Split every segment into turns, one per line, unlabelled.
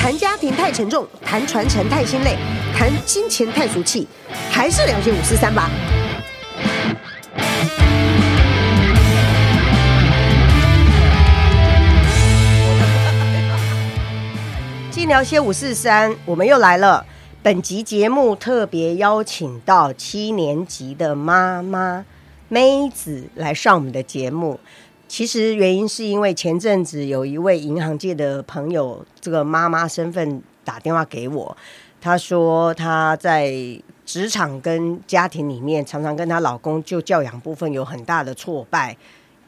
談家庭太沉重，談傳承太心累，談金錢太俗氣，還是聊些五四三吧。晉 聊些五四三，我們又來了。本集節目特別邀請到七年級的媽媽。咩子來上我們的節目，其實原因是因為前陣子有一位銀行界的朋友，這個媽媽身份打電話給我，她說她在職場跟家庭裡面常常跟她老公就教養部分有很大的挫敗，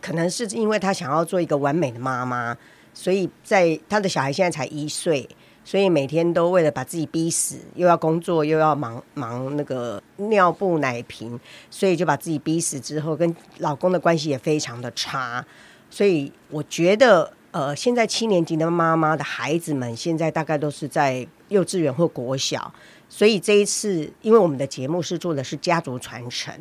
可能是因為她想要做一個完美的媽媽，所以在她的小孩現在才一歲。所以每天都為了把自己逼死，又要工作，又要忙忙那個尿布、奶瓶，所以就把自己逼死之後，跟老公的關係也非常的差。所以我覺得，呃，現在七年級的媽媽的孩子們現在大概都是在幼稚園或國小。所以這一次，因為我們的節目是做的是家族傳承，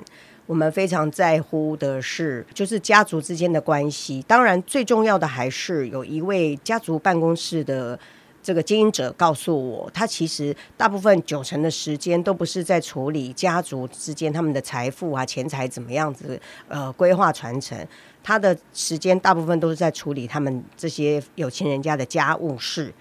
我們非常在乎的是就是家族之間的關係。當然，最重要的還是有一位家族辦公室的。這個經營者告訴我，他其實大部分九成的時間都不是在處理家族之間他們的財富啊、錢財怎麼樣子呃規劃傳承，他的時間大部分都是在處理他們這些有錢人家的家務事。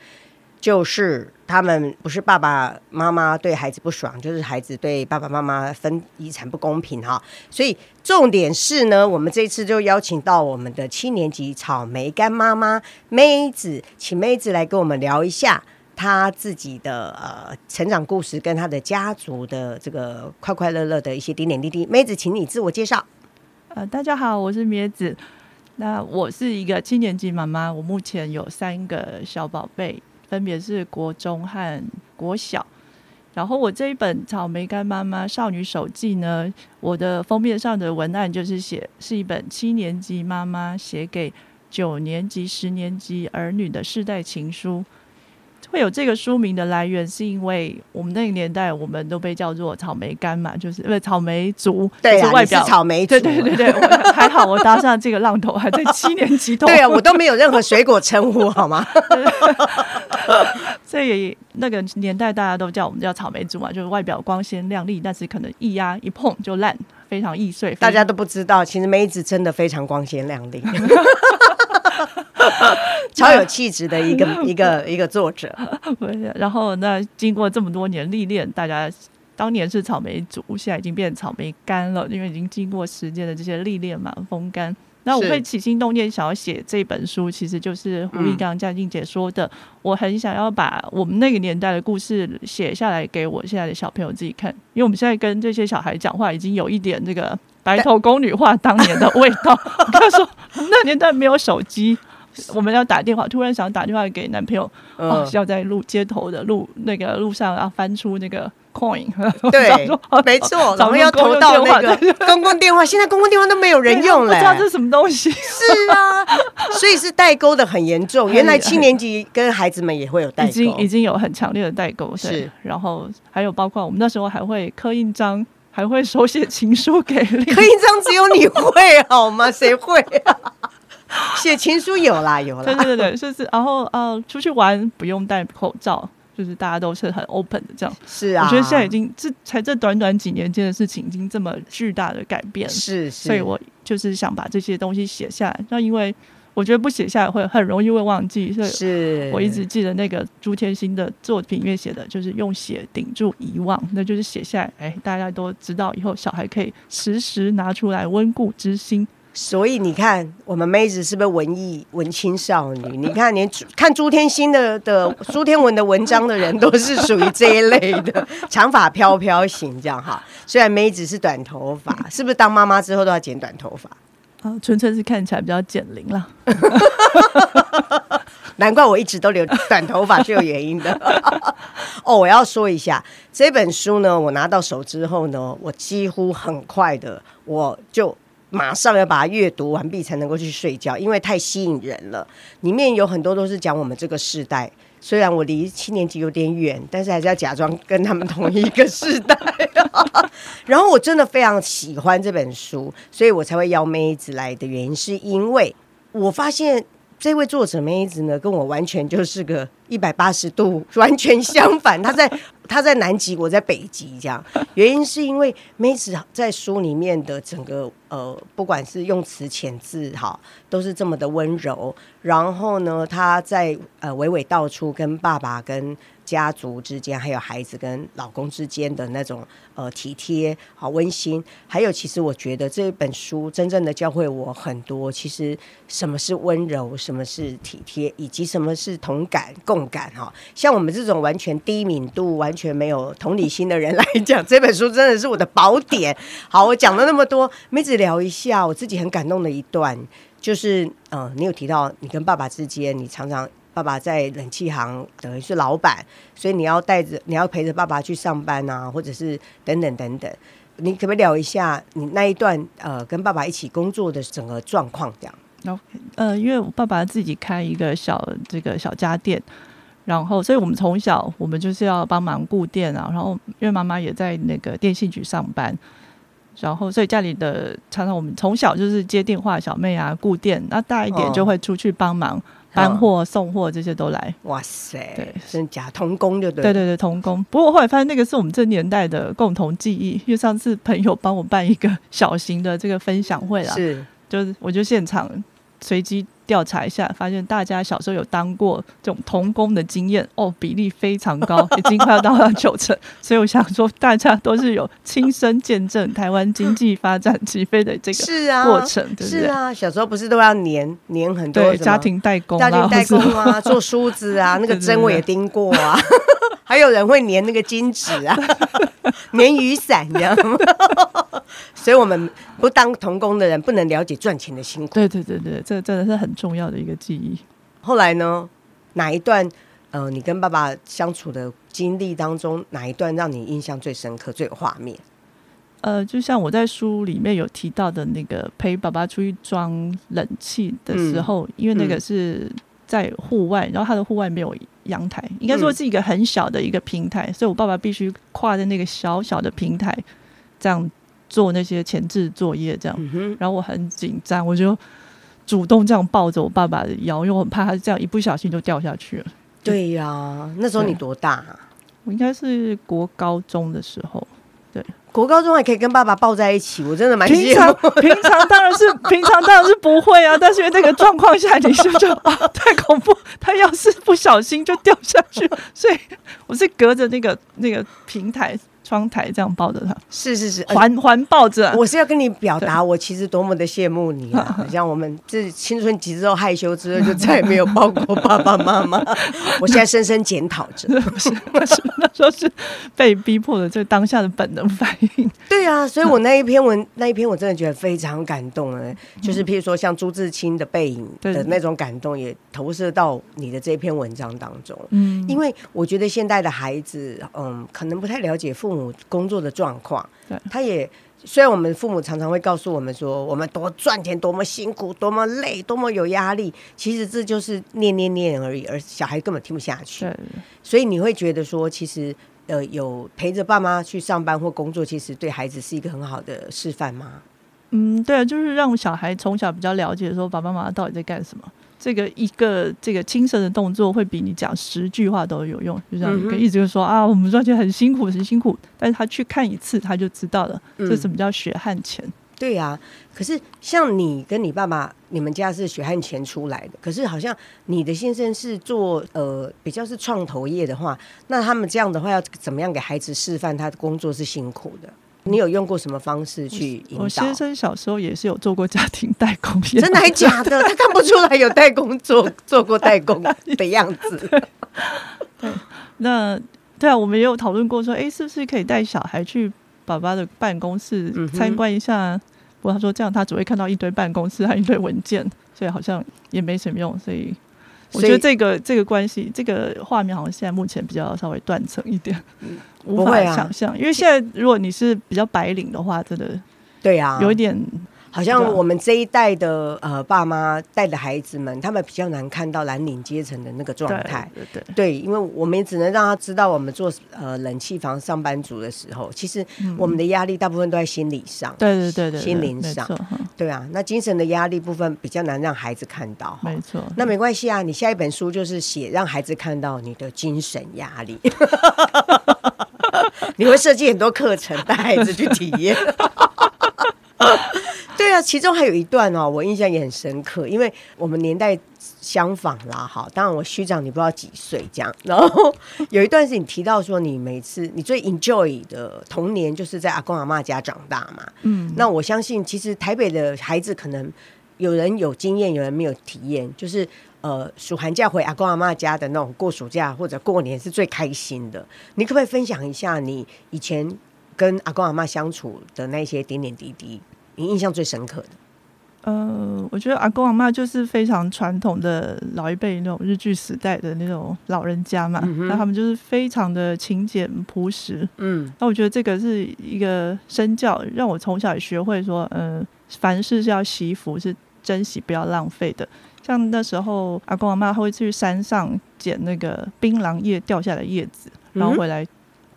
就是他們不是爸爸媽媽對孩子不爽，就是孩子對爸爸媽媽分遺產不公平哈。所以重點是呢，我們這次就邀請到我們的七年級草莓乾媽媽咩子，請咩子來跟我們聊一下她自己的呃成長故事跟她的家族
的這個快快樂樂，樂的一些點點滴滴。咩子，請你自我介紹。呃，大家好，我是咩子。那我是一個七年級媽媽，我目前有三個小寶貝。分別是國中和國小，然後我這一本《草莓乾媽媽少女手記》呢，我的封面上的文案就是寫，是一本七年級媽媽寫給九年級、十年級兒女的世代情書。會有這個書名的來源，是因為我們那個年代，我們都被叫做草莓乾嘛，就是不草莓族、啊，就外表草莓，對對對對我，還好我搭上這個浪頭， 還在七年級讀。對啊，我都沒有任何水果稱呼， 好嗎？所以那個年代大家都叫我們叫草莓族嘛，啊，就是外表光鮮亮麗，但是可能一壓、啊、一碰就爛，非常易碎。大家都不知道，其實咩子真
的非常光鮮亮麗。 超有氣質的一個 一個
一個作者， 不是啊、然後那經過這麼多年歷練，大家當年是草莓族，現在已經變成草莓乾了，因為已經經過時間的這些歷練嘛，風乾。是那我會起心動念想要寫這本書，其實就是呼應剛剛嘉靖姐說的，嗯、我很想要把我們那個年代的故事寫下來，給我現在的小朋友自己看，因為我們現在跟這些小孩講話，已經有一點這個白頭宮女話當年的味道。對 他說，那年代沒有手機。我們要打電話，突然想打電話給男朋友，需要在路街頭的路那個路上啊，翻出那個 coin，對，沒錯，然後要投到那個
公共電話。現在公共電話都沒有人用了，不知道這是
什麼東西。是啊，所以是代溝的很嚴重。原來七年級跟孩子們也會有代溝，已經已經有很強烈的代溝。是，然後還有包括我們那時候還會刻印章，還會手寫情書給你。刻印章只有你會好嗎？誰會啊？寫情書有啦，有啦， 對，對對對，就是然後呃，出去玩不用戴口罩，就是大家都是很 open 的這樣。是啊，我覺得現在已經這才這短短幾年間的事情，已經這麼巨大的改變了。是是，所以我就是想把這些東西寫下來，那因為我覺得不寫下來會很容易會忘記，是所以是我一直記得那個朱天心的作品裡面寫的，就是用寫頂住遺忘，那就是寫下來，哎，大家都知道，以後小孩可以時時拿出來溫故知新。所以你看，我們妹子是不是文藝文青少女？你看連看朱天心
的的朱天文的文章的人，都是屬於這一類的，長髮飄飄型這樣哈。雖然妹子是短頭髮，是不是當媽媽之後都要剪短頭髮？啊，
純粹是看起來比較減齡了。
難怪我一直都留短頭髮是有原因的。 哦，我要說一下這一本書呢，我拿到手之後呢，我幾乎很快的我就。馬上要把它閱讀完畢，才能夠去睡覺，因為太吸引人了。裡面有很多都是講我們這個世代，雖然我離七年級有點遠，但是還是要假裝跟他們同一個世代哦。 然後我真的非常喜歡這本書，所以我才會邀咩子來的原因，是因為我發現這位作者咩子呢，跟我完全就是個一百八十度完全相反，她在。他在南極，我在北極，這樣，原因是因為咩子在書裡面的整個呃，不管是用詞遣字哈，都是這麼的溫柔。然後呢，他在呃娓娓道出跟爸爸跟。家族之間，還有孩子跟老公之間的那種呃，體貼好溫馨，還有其實我覺得這一本書真正的教會我很多，其實什麼是溫柔，什麼是體貼，以及什麼是同感共感哈、哦。像我們這種完全低敏度、完全沒有同理心的人來講， 這本書真的是我的寶典。好，我講了那麼多，咩子聊一下我自己很感動的一段，就是嗯、呃，你有提到你跟爸爸之間，你常常。爸爸在冷氣行，等於是老闆，所以你要帶着、你要陪着爸爸去上班啊，或者是等等等等。你可不可以聊一下你那一段呃跟爸爸一起工作的整個狀況這樣
？Okay. 呃，因為爸爸自己開一個小這個小家電，然後所以我們從小我們就是要幫忙顧店啊，然後因為媽媽也在那個電信局上班，然後所以家裡的常常我們從小就是接電話小妹啊、顧店，那大一點就會出去幫忙。哦搬貨、送貨這些都來，哇塞，對真假童工就對。對對對，童工。不過我後來發現，那個是我們這年代的共同記憶。因為上次朋友幫我辦一個小型的這個分享會啦，是，就是我就現場隨機。調查一下，發現大家小時候有當過這種童工的經驗哦，比例非常高，已經快要到了九成。所以我想說，大家都是有親身見證台灣經濟發展起飛的這個是啊過程，對不對？是啊，
小時候不是都要粘粘很多？家庭代
工，家庭代工啊，做梳子啊，那個針我也
釘過啊，還有人會粘那個金紙啊，粘雨傘你知道嗎。所以我們不當童工的人，不能了解賺錢
的辛苦。對對對對，這真的是很。重要的一個記憶。
後來呢？哪一段？呃，你跟爸爸相處的經歷當中，哪一段讓你印象最深刻、最有畫面？
呃，就像我在書裡面有提到的那個陪爸爸出去裝冷氣的時候，嗯、因為那個是在戶外，嗯、然後他的戶外沒有陽臺，應該說是一個很小的一個平台，嗯、所以我爸爸必須跨在那個小小的平台這樣做那些前置作業，這樣。嗯哼。然後我很緊張，我就。主動這樣抱着我爸爸的腰，因為我很怕他是這樣一不小心就掉下去了。
對呀、啊，對，那時候你多大？啊？
我應該是
國高中的時候。對，國高中還可以跟爸爸抱在一起，我真的蠻喜歡。平常，
平常當然是 平常當然是不會啊， 但是因為那個狀況下你是不是就 太恐怖，他要是不小心就掉下去了，所以我是隔着那個那個平台。窗台這樣抱着他，是是是，環、呃、環抱着、啊。我是要跟你表達，我其實
多麼的羨慕你啊！對好像我們這青春期之後害羞之後，就再也沒有抱過爸爸媽媽。 我現在深
深檢討着， 是不是，為 是，什麼說是被逼迫的？是當下的本能反應。
對啊，所以我那一篇文， 那一篇我真的覺得非常感動啊、欸！就是譬如說，像朱自清的背影的那種感動，也投射到你的這篇文章當中。嗯對，因為我覺得現在的孩子，嗯，可能不太了解父母。工作的狀況，對，他也雖然我們父母常常會告訴我們說，我們多賺錢多麼辛苦，多麼累，多麼有壓力，其實這就是念念念而已，而小孩根本聽不下去。所以你會覺得說，其實呃，有陪着爸媽去上班或工作，其實對孩子是一個很好的示範嗎？
嗯，對啊，就是讓小孩從小比較了解說，爸爸媽媽到底在幹什麼。這個一個這個親身的動作，會比你講十句話都有用，就這樣一個意思就是說、嗯、哼啊，我們賺錢很辛苦，很辛苦，但是他去看一次，他就知道了，嗯、這是什麼叫血汗錢。
對啊，可是像你跟你爸爸，你們家是血汗錢出來的，可是好像你的先生是做呃比較是創投業的話，那他們這樣的話要怎麼樣給孩子示範他的工作是辛苦的？你有用過什麼方式去引導？我先生
小時候也是有做過家庭代
工。真的還假的？ 他看不出來有代工做 做過代工的樣子。
對，那對啊，我們也有討論過說，哎、欸，是不是可以帶小孩去爸爸的辦公室參觀一下？嗯、哼不過他說這樣他只會看到一堆辦公室還有一堆文件，所以好像也沒什麼用。所以。我覺得這個以這個關係，這個畫面好像現在目前比較稍微斷層一點，嗯、無法想象啊、因為現在如果你是比較白領的話，真的對呀、啊，有一點。好像我們這一代的
對呃，爸媽帶的孩子們，他們比較難看到藍領階層的那個狀態。對對對，對，因為我們也只能讓他知道，我們做呃冷氣房上班族的時候，其實我們的壓力大部分都在心理上。對，對對對對，心靈上。對，對，對，嗯、對啊，那精神的壓力部分比較難讓孩子看到。沒錯。嗯、那沒關係啊，你下一本書就是寫讓孩子看到你的精神壓力。 你會設計很多課程帶孩子去體驗。 對啊，其中還有一段哦，我印象也很深刻，因為我們年代相仿啦，哈。當然，我虛長你不知道幾歲這樣。然後有一段是你提到說，你每次你最 enjoy 的童年就是在阿公阿嬤家長大嘛。嗯，那我相信其實台北的孩子可能有人有經驗，有人沒有體驗，就是呃，暑寒假回阿公阿嬤家的那種過暑假或者過年是最開心的。你可不可以分享一下你以前跟阿公阿嬤相處的那些點點滴滴？你印象最深刻的？
呃，我覺得阿公阿嬤就是非常傳統的老一輩那種日據時代的那種老人家嘛，那、嗯、哼他們就是非常的勤儉樸實。嗯，那我覺得這個是一個身教，讓我從小也學會說，嗯、呃，凡事是要惜福，是珍惜，不要浪費的。像那時候阿公阿嬤會去山上撿那個檳榔葉掉下來的葉子，然後回來、嗯、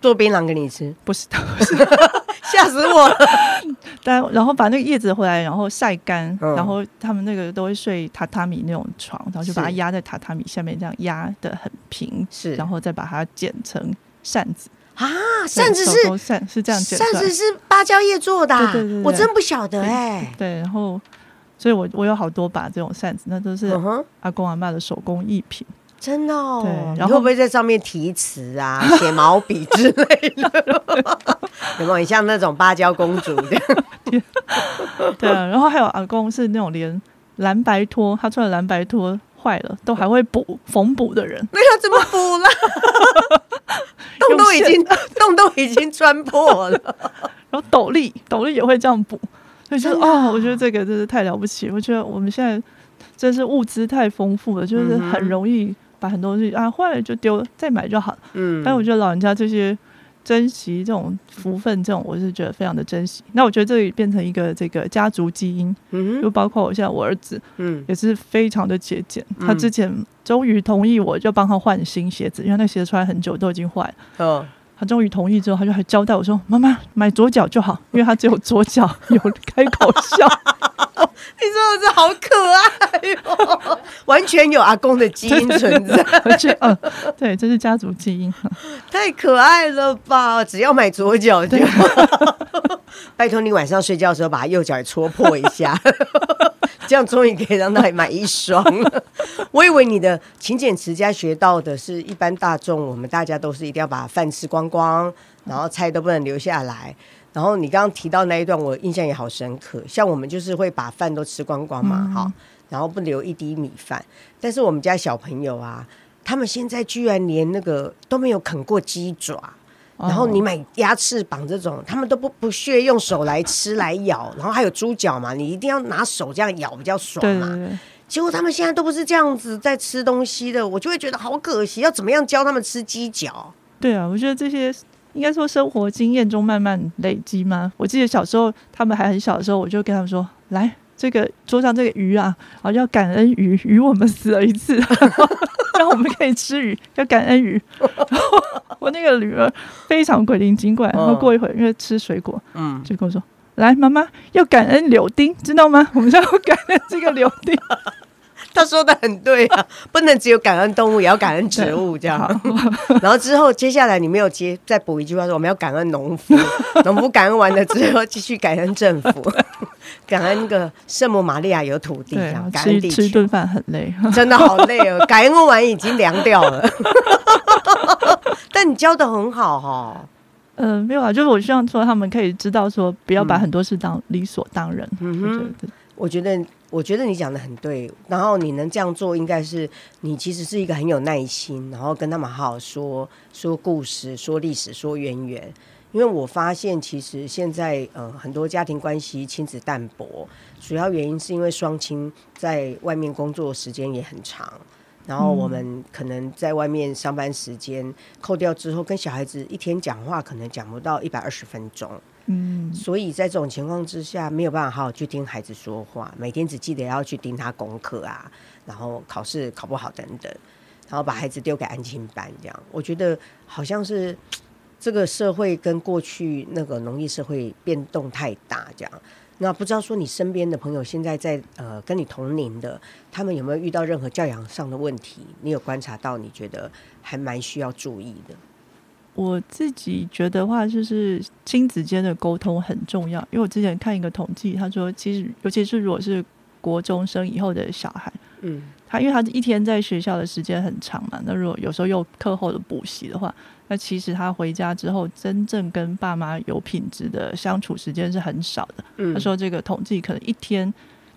做檳榔給你吃不，不是的。 嚇 死我了 但！但然後把那個葉子回來，然後曬乾，然後他們那個都會睡榻榻米那種床，然後就把它壓在榻榻米下面，這樣壓得很平，是，然後再把它剪成扇子
啊，扇子是
扇是這樣剪，扇子是
芭蕉葉做的、啊，對對，對對，我真
不曉得哎、欸，對，然後，所以我我有好多把這種扇子，那都是阿公阿嬤的手工藝品。
真的哦，哦，然後
會不會在上面題詞
啊，寫毛筆之類的？ 有沒有很像那種芭蕉公主這樣？
對 啊，然後還有阿公是那種連藍白拖，他穿的藍白拖壞了，都還會補縫補的人。那要怎麼補呢？洞 都已經洞線都已經穿破了。 然後斗笠，斗笠也會這樣補。所以就，啊、哦，我覺得這個真是太了不起了。我覺得我們現在真是物資太豐富了，嗯、哼就是很容易。把很多東西啊壞了就丟了，再買就好了。嗯，但我覺得老人家這些珍惜這種福分，這種我是覺得非常的珍惜。那我覺得這裡變成一個這個家族基因，嗯哼，就包括我現在我兒子，嗯，也是非常的節儉。嗯、他之前終於同意我就幫他換新鞋子，因為那鞋子穿很久都已經壞了。嗯、哦。他終於同意之後，他就還交代我說：“媽媽買左腳就好，因為他只有左腳有開口笑。”
你說的是好可愛喲、哦，完全有阿公的基因存在。 而且，嗯、
呃，對，這是家族基因，
太可愛了吧！只要買左腳就。對 拜託你晚上睡覺的時候，把他右腳也戳破一下。 這樣終於可以讓他買一雙了。我以為你的勤儉持家學到的是一般大眾，我們大家都是一定要把飯吃光光，然後菜都不能留下來。然後你剛剛提到那一段，我印象也好深刻。像我們就是會把飯都吃光光嘛，哈，然後不留一滴米飯。但是我們家小朋友啊，他們現在居然連那個都沒有啃過雞爪。然後你買鴨翅膀這種，他們都不不屑用手來吃來咬，然後還有豬腳嘛，你一定要拿手這樣咬比較
爽嘛。對對對。
結果他們現在都不是這樣子在吃東西的，我就會覺得好可惜。要怎麼樣教他們吃雞腳？
對啊，我覺得這些應該說生活經驗中慢慢累積嘛。我記得小時候他們還很小的時候，我就跟他們說，來。這個桌上這個魚啊，啊、哦、要感恩魚，魚我們死了一次，然後我們可以吃魚，要感恩魚，然後我那個女兒非常鬼靈精怪，然後過一會兒因為吃水果，嗯，就跟我說：“來，媽媽要感恩柳丁，知道嗎？我們就要感恩這個柳丁。” 他說的很對啊，不能只有感恩動物，也要感恩植物，
這樣。然後之後接下來你沒有接再補一句話說我們要感恩農夫，農夫感恩完了之後繼續感恩政府，感恩那個聖母瑪利亞有土地，對，吃吃
頓飯很累，真的好累哦，
感恩完已經涼掉了。
但你教的很好哈，嗯，沒有啊，就是我希望說他們可以知道說不要把很多事當理所當然。嗯，我覺得。我
覺得你講得很對，然後你能這樣做，應該是你其實是一個很有耐心，然後跟他們好好說說故事、說歷史、說淵源。因為我發現，其實現在嗯、呃、很多家庭關係親子淡薄，主要原因是因為雙親在外面工作時間也很長，然後我們可能在外面上班時間扣掉之後，跟小孩子一天講話可能講不到一百二十分鐘。所以在這種情況之下，沒有辦法好好去聽孩子說話，每天只記得要去盯他功課啊，然後考試考不好等等，然後把孩子丟給安親班這樣。我覺得好像是這個社會跟過去那個農業社會變動太大這樣。那不知道說你身邊的朋友現在在呃跟你同齡的，他們有沒有遇到任何教養上的問題？你有觀察到？你覺得還蠻需要注意的。
我自己覺得話就是親子間的溝通很重要，因為我之前看一個統計，他說其實尤其是如果是國中生以後的小孩，嗯，他因為他一天在學校的時間很長嘛，那如果有時候又課後的補習的話，那其實他回家之後真正跟爸媽有品質的相處時間是很少的。他、嗯、說這個統計可能一天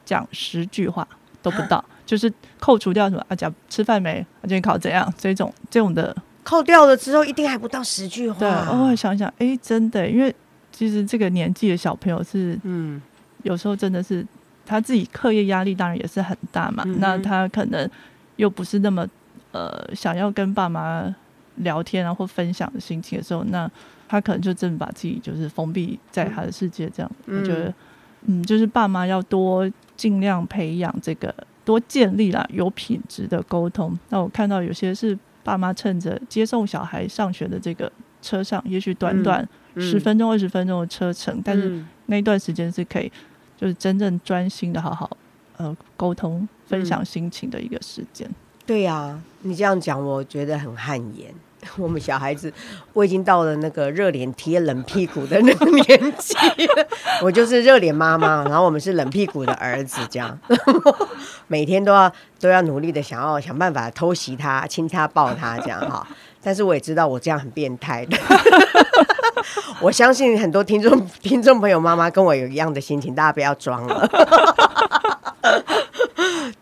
講十句話都不到，就是扣除掉什麼啊，講吃飯沒啊，今天考怎樣，這種這種的。扣掉了之後，一定還不到十句話。對，偶、哦、爾想想，哎、欸，真的，因為其實這個年紀的小朋友是，嗯，有時候真的是他自己課業壓力當然也是很大嘛，嗯嗯，那他可能又不是那麼呃想要跟爸媽聊天啊或分享的心情的時候，那他可能就真的把自己就是封閉在他的世界這樣。嗯、我覺得，嗯，就是爸媽要多盡量培養這個，多建立啦有品質的溝通。那我看到有些是。爸媽趁着接送小孩上學的這個車上，也許短短十分鐘、二十分鐘的車程，嗯嗯，但是那段時間是可以，就是真正專心的好好呃溝通、分享心情的一個時間。嗯，
對啊，你這樣講，我覺得很汗顏。我們小孩子，我已經到了那個熱臉貼冷屁股的那個年紀，我就是熱臉媽媽，然後我們是冷屁股的兒子，這樣，每天都要都要努力的想要想辦法偷襲他、親他、抱他，這樣哈。但是我也知道我這樣很變態的，我相信很多聽眾聽眾朋友媽媽跟我有一樣的心情，大家不要裝了。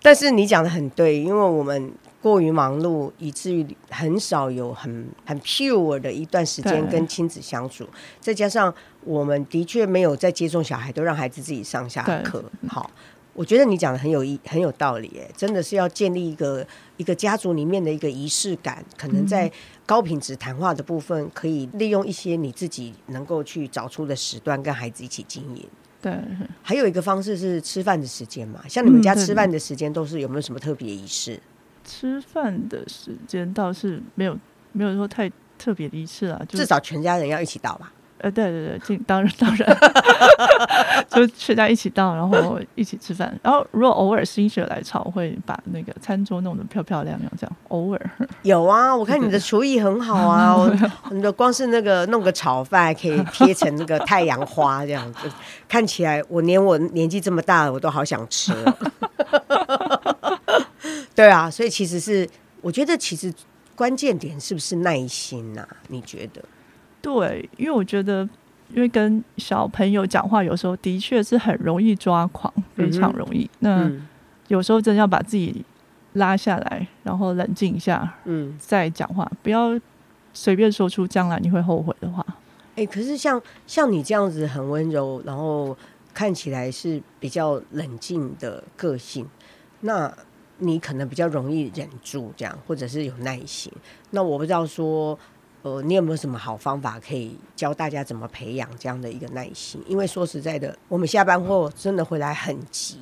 但是你講得很對，因為我們。過於忙碌，以至於很少有很很 pure 的一段時間跟親子相處。對再加上我們的確沒有在接送小孩，都讓孩子自己上下課。對好，我覺得你講的很有意，很有道理、欸。真的是要建立一個一個家族裡面的一個儀式感。可能在高品質談話的部分，嗯、可以利用一些你自己能夠去找出的時段，跟孩子一起經營。
對，
還有一個方式是吃飯的時間嘛。像你們家吃飯的時間、嗯、都是有沒有什麼特別儀式？
吃飯的時間倒是沒有沒有說太特別的一次啊，就至少全家人要一起到吧。呃，對對對，當然當然， 就全家一起到，然後一起吃飯。然後如果偶爾心血來潮，會把那個餐桌弄得漂漂亮亮，這樣偶爾有啊。我
看你的廚藝很好啊，對對 我你的光是那個弄個炒飯，可以貼成那個太陽花這樣子，看起來我連我年紀這麼大，我都好想吃。 對啊，所以其實是我覺得，其實關鍵點是不是耐心吶，啊，你覺得？
對，因為我覺得，因為跟小朋友講話，有時候的確是很容易抓狂，嗯哼，非常容易。那、嗯、有時候真要把自己拉下來，然後冷靜一下，嗯，再講話，不要隨便說出將來你會後悔的話。
哎、欸，可是像像你這樣子很溫柔，然後看起來是比較冷靜的個性，那。你可能比較容易忍住這樣，或者是有耐心。那我不知道說，呃，你有沒有什麼好方法可以教大家怎麼培養這樣的一個耐心？因為說實在的，我們下班後真的回來很急，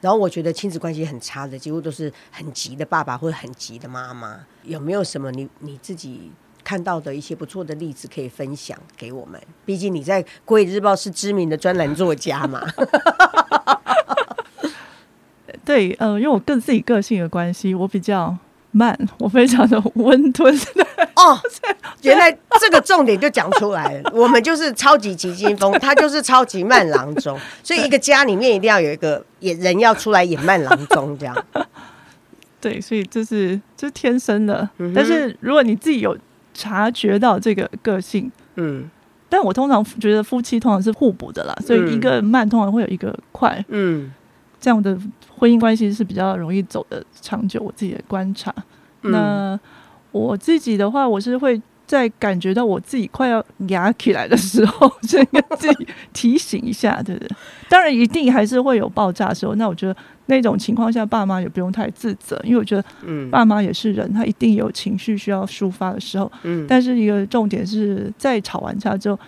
然後我覺得親子關係很差的，幾乎都是很急的爸爸或很急的媽媽。有沒有什麼你你自己看到的一些不錯的例子可以分享給我們？畢竟你在《國語日報》是知名的專欄作家嘛。
對，嗯、呃，因為我跟自己個性的關係，我比較慢，我非常的溫吞。哦， 對原來這個重點就講出來了。 我們就是超級急驚
風， 他就是超級慢郎中。 所以一個家裡面一定要有一個演人要出來演慢郎
中，這樣。對，所以這、就是這、就是天生的。嗯、哼但是如果你自己有察覺到這個個性，嗯，但我通常覺得夫妻通常是互補的啦，嗯、所以一個慢通常會有一個快，嗯。這樣的婚姻關係是比較容易走得長久，我自己的觀察。嗯、那我自己的話，我是會在感覺到我自己快要壓起來的時候，嗯、就應該自己提醒一下， 對不對，對？當然，一定還是會有爆炸的時候。那我覺得那種情況下，爸媽也不用太自責，因為我覺得，嗯，爸媽也是人，他一定有情緒需要抒發的時候。嗯，但是一個重點是，在吵完架之後。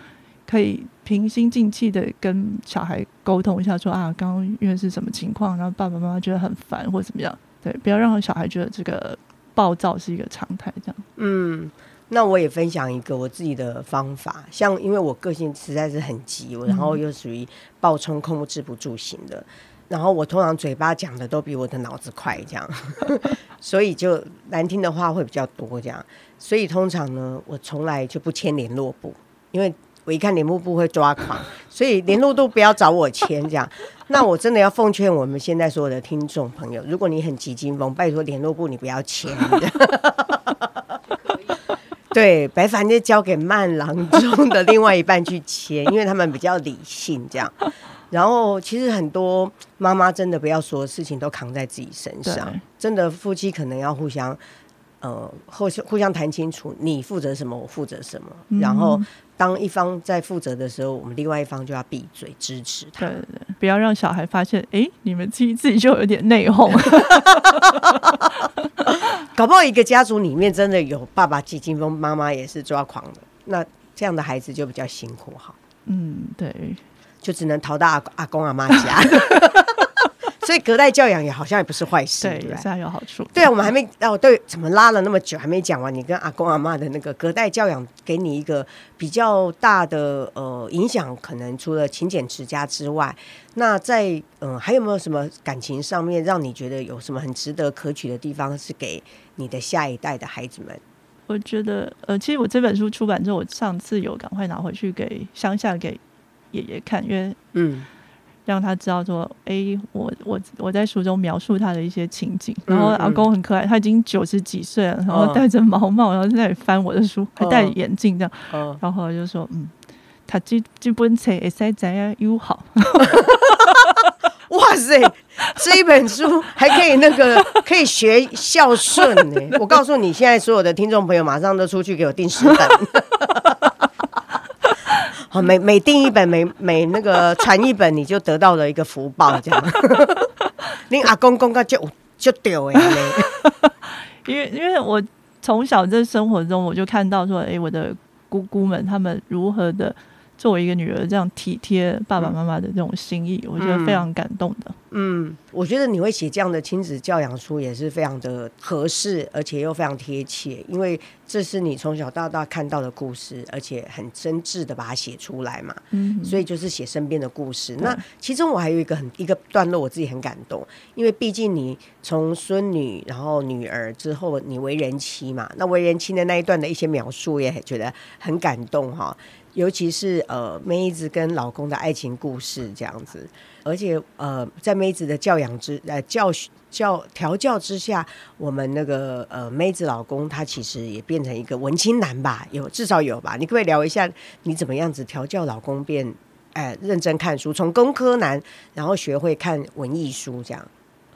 可以平心靜氣的跟小孩溝通一下說，說啊，剛剛因為是什麼情況，然後爸爸媽媽覺得很煩或怎麼樣，對，不要讓小孩覺得這個暴躁是一個常態，這樣。
嗯，那我也分享一個我自己的方法，像因為我個性實在是很急，然後又屬於暴衝控制不住型的，嗯、然後我通常嘴巴講的都比我的腦子快，這樣， 所以就難聽的話會比較多，這樣，所以通常呢，我從來就不簽聯絡簿，因為。我一看聯絡簿會抓狂，所以聯絡簿都不要找我簽這樣。那我真的要奉勸我們現在所有的聽眾朋友，如果你很急驚風，拜托說聯絡簿你不要簽。 以 對，白凡就交給慢郎中的另外一半去簽，因為他們比較理性，這樣，然後其實很多媽媽真的不要說的事情都扛在自己身上，對真的夫妻可能要互相呃互相互相談清楚，你負責什麼，我負責什麼，嗯、然後。當一方在負責的時候，我們另外一方就要閉嘴支持
他，對對對，不要讓小孩發現。哎，你們自己自己就有點內訌， 搞不好一個家族裡面真的有爸
爸急驚風，媽媽也是抓狂的。那這樣的孩子就比較辛苦，好，嗯，對，就只能逃到阿公阿公阿媽家。 所以隔代教養也好像也不是壞事，對，好
像有好處。
對啊，我們還沒哦，對，怎麼拉了那麼久還沒講完？你跟阿公阿嬤的那個隔代教養，給你一個比較大的呃影響，可能除了勤儉持家之外，那在嗯、呃、還有沒有什麼感情上面讓你覺得有什麼很值得可取的地方，是給你的下一代的孩子們？
我覺得呃，其實我這本書出版之後，我上次有趕快拿回去給鄉下給爺爺看，因為嗯。讓他知道說，哎，我我我在書中描述他的一些情景，然後阿公很可愛，他已經九十幾歲了，然後戴着毛帽，嗯、然後在那裡翻我的書，嗯、還戴着眼鏡這樣，嗯、然後就說，嗯，他這這本書哎，塞怎樣又好， 哇塞，這一本書
還可以那個可以學孝順呢。我告訴你，現在所有的聽眾朋友，馬上都出去給我訂書本。 哦，每每訂一本，每每那個傳一本， 你就得到了一個福報，這樣。 你阿公公個就就丟哎，因為
因為我從小在生活中，我就看到說，哎、欸，我的姑姑們他們如何的。作為一個女兒，這樣體貼爸爸媽媽的這種心意，嗯、我覺得非常感動的。
嗯，我覺得你會寫這樣的親子教養書也是非常的合適，而且又非常貼切，因為這是你從小到大看到的故事，而且很真摯的把它寫出來嘛。嗯，所以就是寫身邊的故事。對那其中我還有一個很一個段落，我自己很感動，因為畢竟你從孫女，然後女兒之後，你為人妻嘛，那為人妻的那一段的一些描述，也覺得很感動哈、哦。尤其是呃，妹子跟老公的愛情故事這樣子，而且呃，在妹子的教養之呃教教調教之下，我們那個呃妹子老公他其實也變成一個文青男吧，有至少有吧。你可不可以聊一下你怎麼樣子調教老公變哎、呃、認真看書，從工科男然後學會看文藝書這樣？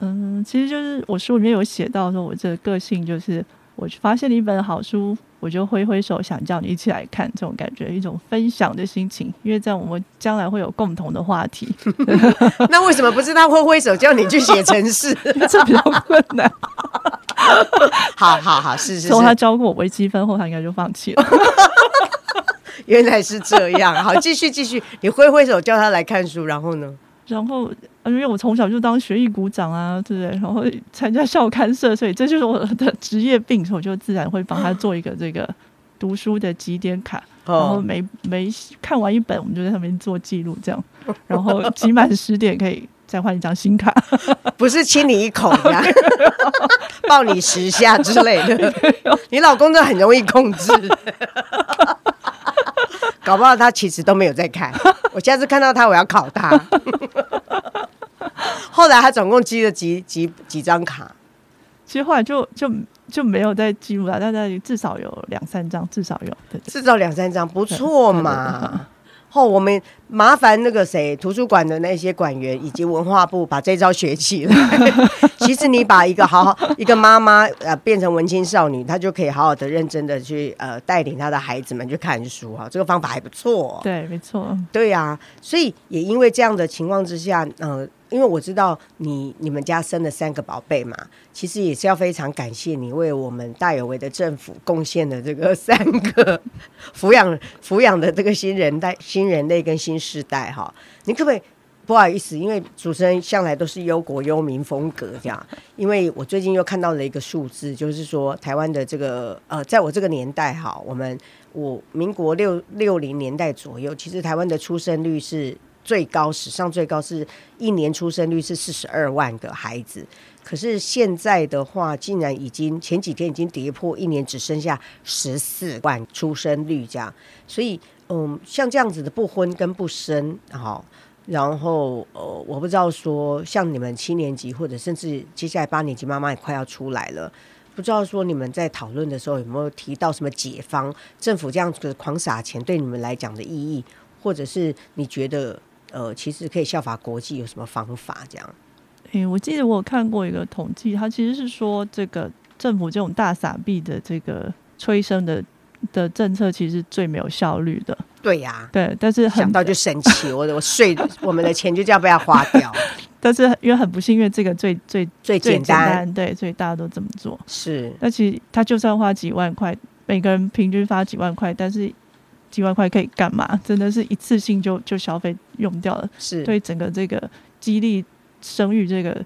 嗯，其實就是我書裡面有寫到說，我這個，個性就是。我發現了一本好書，我就揮揮手，想叫你一起來看，這種感覺，一種分享的心情，因為在我們將來會有共同的話題。
那為什麼不是他揮揮手叫你去寫程式？這比較困難。 好好好，是是是。從他
教過我微積分後，他應該就放棄了 。
原來是這樣，好，繼續繼續，你揮揮手叫他來看書，然後呢？
然後，因為我從小就當學藝股長啊，對不對？然後參加校刊社，所以這就是我的職業病，所以我就自然會幫他做一個這個讀書的集點卡。哦、然後每每看完一本，我們就在上面做記錄，這樣，然後集滿十點可以再換一張新卡， 不是親你
一口呀， 抱你十下之類的。
你老公都很容
易控制。搞不好他其實都沒有在看。 我
下次看到他我要考他。 後來他總共寄了幾幾幾張卡，其實後來就就就沒有再記錄了，但但至少有兩三張，至少有，對對對，至少兩三張，不錯嘛。對對對。哦，我們
麻煩，那個誰，圖書館的那些館員以及文化部把這招學起來。 其實你把一個好好 一個媽媽呃變成文青少女，她就可以好好的、認真的去呃帶領她的孩子們去看書哈、哦，這個方法還不錯、哦。對，沒錯。對啊。所以也因為這樣的情況之下，嗯、呃。因為我知道你你們家生了三個寶貝嘛，其實也是要非常感謝你為我們大有為的政府貢獻的這個三個撫養撫養的這個新人代新人類跟新世代哈。你可不可以，不好意思，因為主持人向來都是憂國憂民風格這樣。因為我最近又看到了一個數字，就是說台灣的這個呃，在我這個年代哈，我們我民國六六零年代左右，其實台灣的出生率是。最高，史上最高是一年出生率，是四十二萬個孩子，可是現在的話竟然已經前幾天已經跌破一年只剩下十四萬出生率這樣，所以嗯，像這樣子的不婚跟不生，好，然後呃，我不知道說像你們七年級或者甚至接下來八年級媽媽也快要出來了，不知道說你們在討論的時候有沒有提到什麼解方，政府這樣子的狂撒錢對你們來講的意義，或者是你覺得？呃，其實可以效法國際有什麼方法？這樣，
誒、欸，我記得我有看過一個統計，它其實是說，這個政府這種大撒幣的這個催生的的政策，其實是最沒有效率的。
對呀、啊，對，但是很想
到就神奇，我我稅 我們的錢就這樣被他花掉， 但是因為很不幸，因為這個最最最簡單最簡單，對，所以大家都這麼做。是，那其實他就算花幾萬塊，每個人平均發幾萬塊，但是。幾萬塊可以幹嘛？真的是一次性就就消費用掉了，是對整個這個激勵生育這個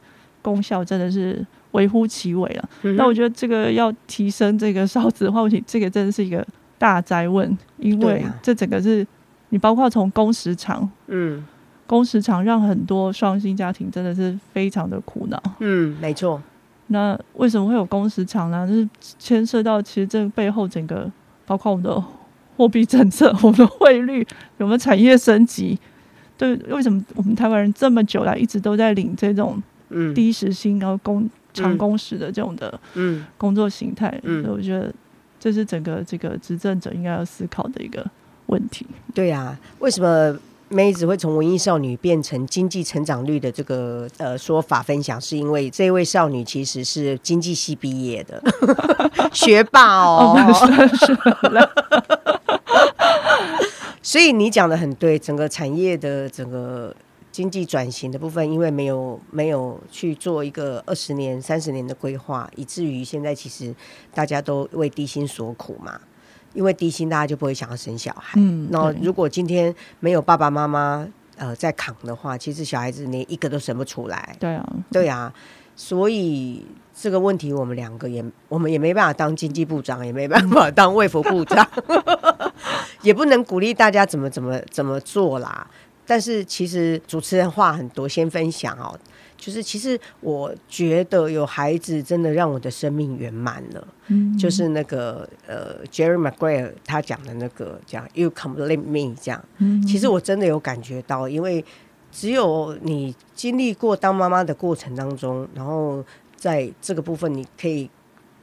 功效真的是微乎其微了。嗯、哼那我覺得這個要提升這個少子化問題，這個真的是一個大哉問，因為這整個是、啊、你包括從工時長，嗯，工時長讓很多雙薪家庭真的是非常的苦惱。嗯，沒錯。那為什麼會有工時長呢？就是牽涉到其實這背後整個包括我們的。貨幣政策，我們的匯率，我們的產業升級，對，為什麼我們台灣人這麼久了，一直都在領這種嗯低時薪、嗯、然後工長工時的這種的嗯工作形態？嗯，嗯所以我覺得這是整個這個執政者應該要思考的一個問題。對啊，為什麼妹
子會從文藝少女變成經濟成長率的這個呃說法分享？是因為這位少女其實是經濟系畢業的 學霸哦，了、 哦。 所以你講得很對，整個產業的整個經濟轉型的部分，因為沒有沒有去做一個二十年、三十年的規劃，以至於現在其實大家都為低薪所苦嘛。因為低薪，大家就不會想要生小孩。嗯。那如果今天沒有爸爸媽媽對呃在扛的話，其實小孩子連一個都生不出來。對啊。對啊，對啊。所以這個問題，我們兩個也我們也沒辦法當經濟部長，也沒辦法當衛福部長。 也不能鼓勵大家怎麼怎麼怎麼做啦。但是其實主持人話很多，先分享哦。就是其實我覺得有孩子真的讓我的生命圓滿了。嗯，嗯，就是那個呃，Jerry Maguire 他講的那個講 “You complete me” 這樣。嗯，嗯，其實我真的有感覺到，因為只有你經歷過當媽媽的過程當中，然後在這個部分你可以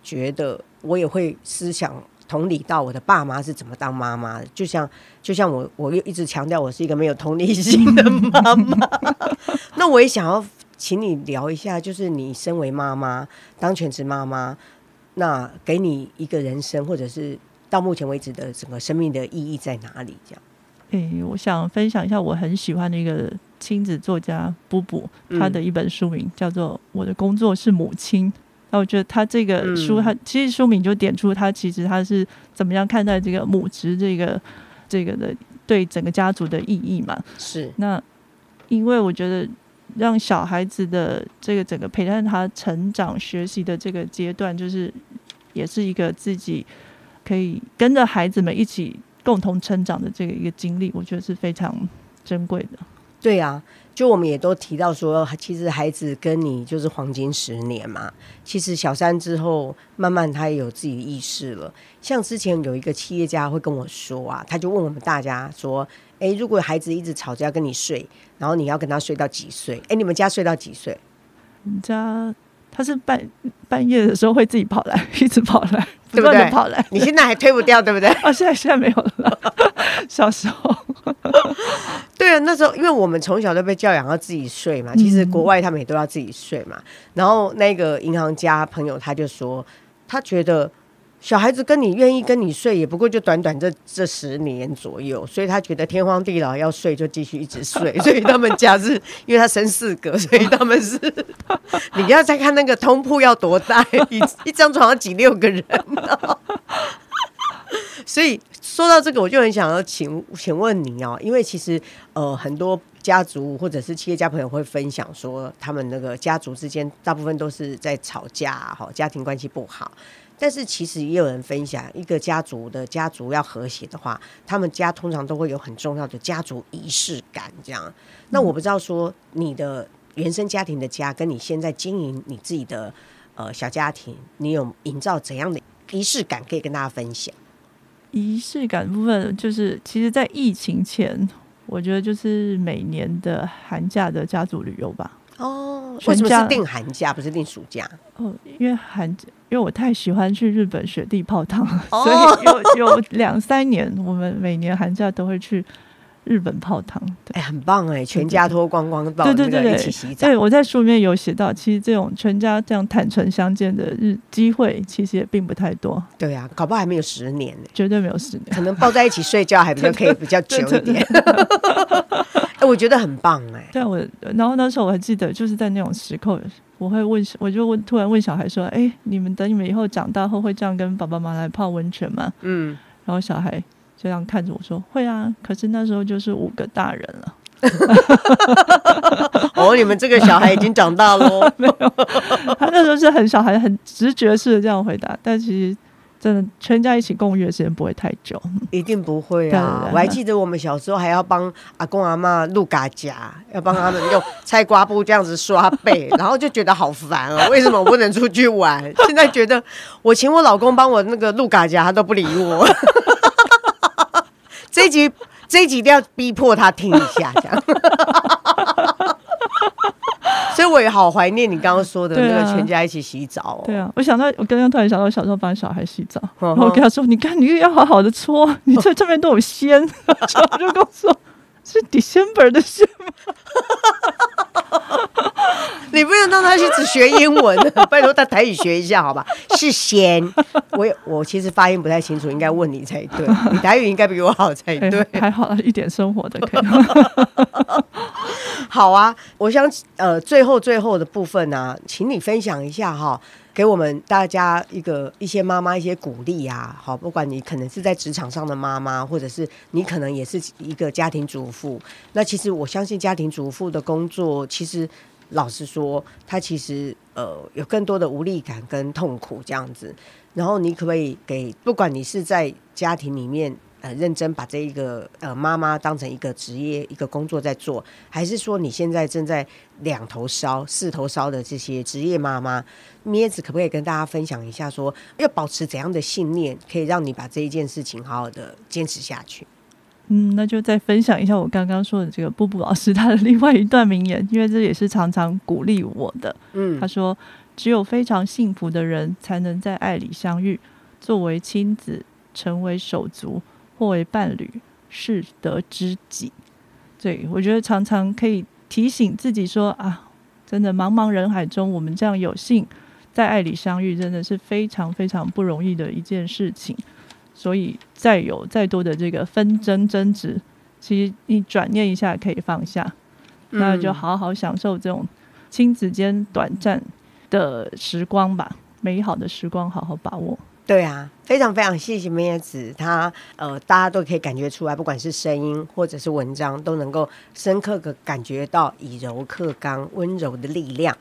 覺得我也會思想，同理到我的爸媽是怎麼當媽媽的，就像就像我，我又一直強調我是一個沒有同理心的媽媽。 那我也想要請你聊一下，就是你身為媽媽，當全職媽媽，那給你一個人生，或者是到目前為止的整個生命的意義在哪裡？這樣。
誒、欸，我想分享一下我很喜歡的一個親子作家布布、嗯，他的一本書名叫做《我的工作是母親》。那我覺得他這個書，嗯、他其實書名就點出他其實他是怎麼樣看待這個母職這個這個的對整個家族的意義嘛。是那因為我覺得讓小孩子的這個整個陪伴他成長、學習的這個階段，就是也是一個自己可以跟着孩子們一起共同成長的這個一個經歷，我覺得是非常珍貴的。
對呀、啊。就我們也都提到說，其實孩子跟你就是黃金十年嘛。其實小三之後，慢慢他也有自己的意識了。像之前有一個企業家會跟我說啊，他就問我們大家說：“哎，如果孩子一直吵着要跟你睡，然後你要跟他睡到幾歲？哎，你們家睡到幾歲？”
人家他是半半夜的時候會自己跑來，一直跑來，對不對？不跑來。你現在還推不掉，對不對？哦，現在現在沒有了，小時候。 對啊，
那時候因為我們從小都被教養要自己睡嘛，其實國外他們也都要自己睡嘛。嗯嗯，然後那個銀行家朋友他就說，他覺得小孩子跟你願意跟你睡，也不過就短短這這十年左右，所以他覺得天荒地老要睡就繼續一直睡。所以他們家是因為他生四個，所以他們是你要再看那個通鋪要多大，一一張床要擠六個人。所以說到這個，我就很想要請請問你哦，因為其實呃很多家族或者是企業家朋友會分享說，他們那個家族之間大部分都是在吵架哈，哦，家庭關係不好。但是其實也有人分享，一個家族的家族要和諧的話，他們家通常都會有很重要的家族儀式感。這樣，那我不知道說你的原生家庭的家跟你現在經營你自己的呃小家庭，你有營造怎樣的儀式感可以跟大家分享？
儀式感部分，就是其實在疫情前，我覺得就是每年的寒假的家族旅遊吧。哦，假為什麼是定寒假不是定
暑假？
哦，因為寒，因為我太喜歡去日本雪地泡湯，哦、所以有有兩三年， 我們每年寒假都會去。日本泡湯，哎、欸，很棒哎、欸！全家脫光光抱對，對，對，一起洗澡對對對對。對，我在書裡面有寫到，其實這種全家這樣坦誠相見的日機會，其實也並不太多。對啊，搞不好還沒有十年呢、欸。絕對沒有十年，可能抱在一起睡覺還比較可以，比較久一點。哎、 欸，我覺得很棒哎、欸！對、啊、我然後那時候我還記得，就是在那種時刻，我會問，我就問，突然問小孩說：“哎、欸，你們等你們以後長大後，會這樣跟爸爸媽媽來泡溫泉嗎？”嗯，然後小孩。就這樣看着我說會啊，可是那時候就是五個大人了。哦， oh, 你們這個小孩已經長大了哦。 沒有，他那時候是很小孩，很直覺式的這樣回答。但其實真的全家一起共浴的時間不會太久，
一定不會啊。 我還記得我們小時候還要幫阿公阿媽露嘎夾， 要幫他們用菜瓜布這樣子刷背， 然後就覺得好煩啊、喔。為什麼我不能出去玩？ 現在覺得我請我老公幫我那個露嘎夾，他都不理我。 這一集這一集一定要逼迫他聽一下，這樣。 所以我也好懷念你剛剛說的那個全家一
起洗澡哦。對啊，對啊，我想到我剛剛突然想到我小時候幫小孩洗澡， 然後我跟他說：“你看，你又要好好的搓，你這這邊都有仙。”我 就跟我說 是 December 的事嗎？ 你不能讓他去只學英
文，拜托他台語學一下，好吧？是先，我我其實發音不太清楚，應該問你才對。你台語應該比我好才對，欸，
還好一點生活的。可以
好啊，我想呃，最後最後的部分呢，啊，請你分享一下哈。給我們大家一個一些媽媽一些鼓勵啊，好，不管你可能是在職場上的媽媽，或者是你可能也是一個家庭主婦，那其實我相信家庭主婦的工作，其實老實說，她其實呃有更多的無力感跟痛苦這樣子。然後你可不可以給，不管你是在家庭裡面。呃，認真把這一個呃媽媽當成一個職業、一個工作在做，還是說你現在正在兩頭燒、四頭燒的這些職業媽媽？咩子可不可以跟大家分享一下說，說要保持怎樣的信念，可以讓你把這一件事情好好的堅持下去？
嗯，那就再分享一下我剛剛說的這個布布老師他的另外一段名言，因為這也是常常鼓勵我的。嗯，他說：“只有非常幸福的人，才能在愛裡相遇，作為親子，成為手足。”或為伴侶，是得知己。對，我覺得常常可以提醒自己說啊，真的茫茫人海中，我們這樣有幸在愛裡相遇，真的是非常非常不容易的一件事情。所以再有再多的這個紛爭爭執，其實你轉念一下可以放下，嗯、那就好好享受這種親子間短暫的時光吧，美好的時光好好把握。
對啊，非常非常謝謝咩子，她，呃，大家都可以感覺出來，不管是聲音或者是文章，都能夠深刻的感覺到以柔克剛、溫柔的力量。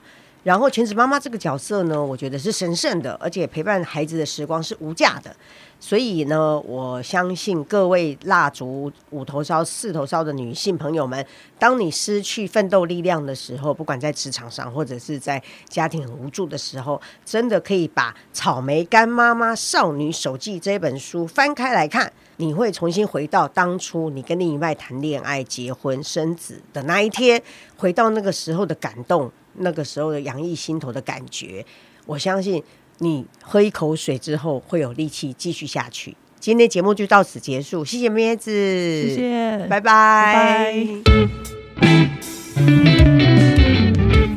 然後全職媽媽這個角色呢，我覺得是神聖的，而且陪伴孩子的時光是無價的。所以呢，我相信各位蠟燭、五頭燒、四頭燒的女性朋友們，當你失去奮鬥力量的時候，不管在職場上或者是在家庭很無助的時候，真的可以把《草莓乾媽媽少女手記》這本書翻開來看。你會重新回到當初你跟另一半談戀愛、結婚、生子的那一天，回到那個時候的感動，那個時候的洋溢心頭的感覺。我相信你喝一口水之後會有力氣繼續下去。今天節目就到此結束，謝謝咩子，謝謝，拜拜。拜拜。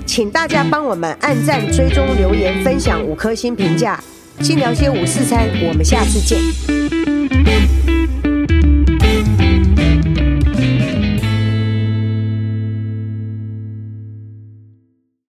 請大家幫我們按讚、追蹤、留言、分享五顆星評價。晉聊些五四三，我們下次見。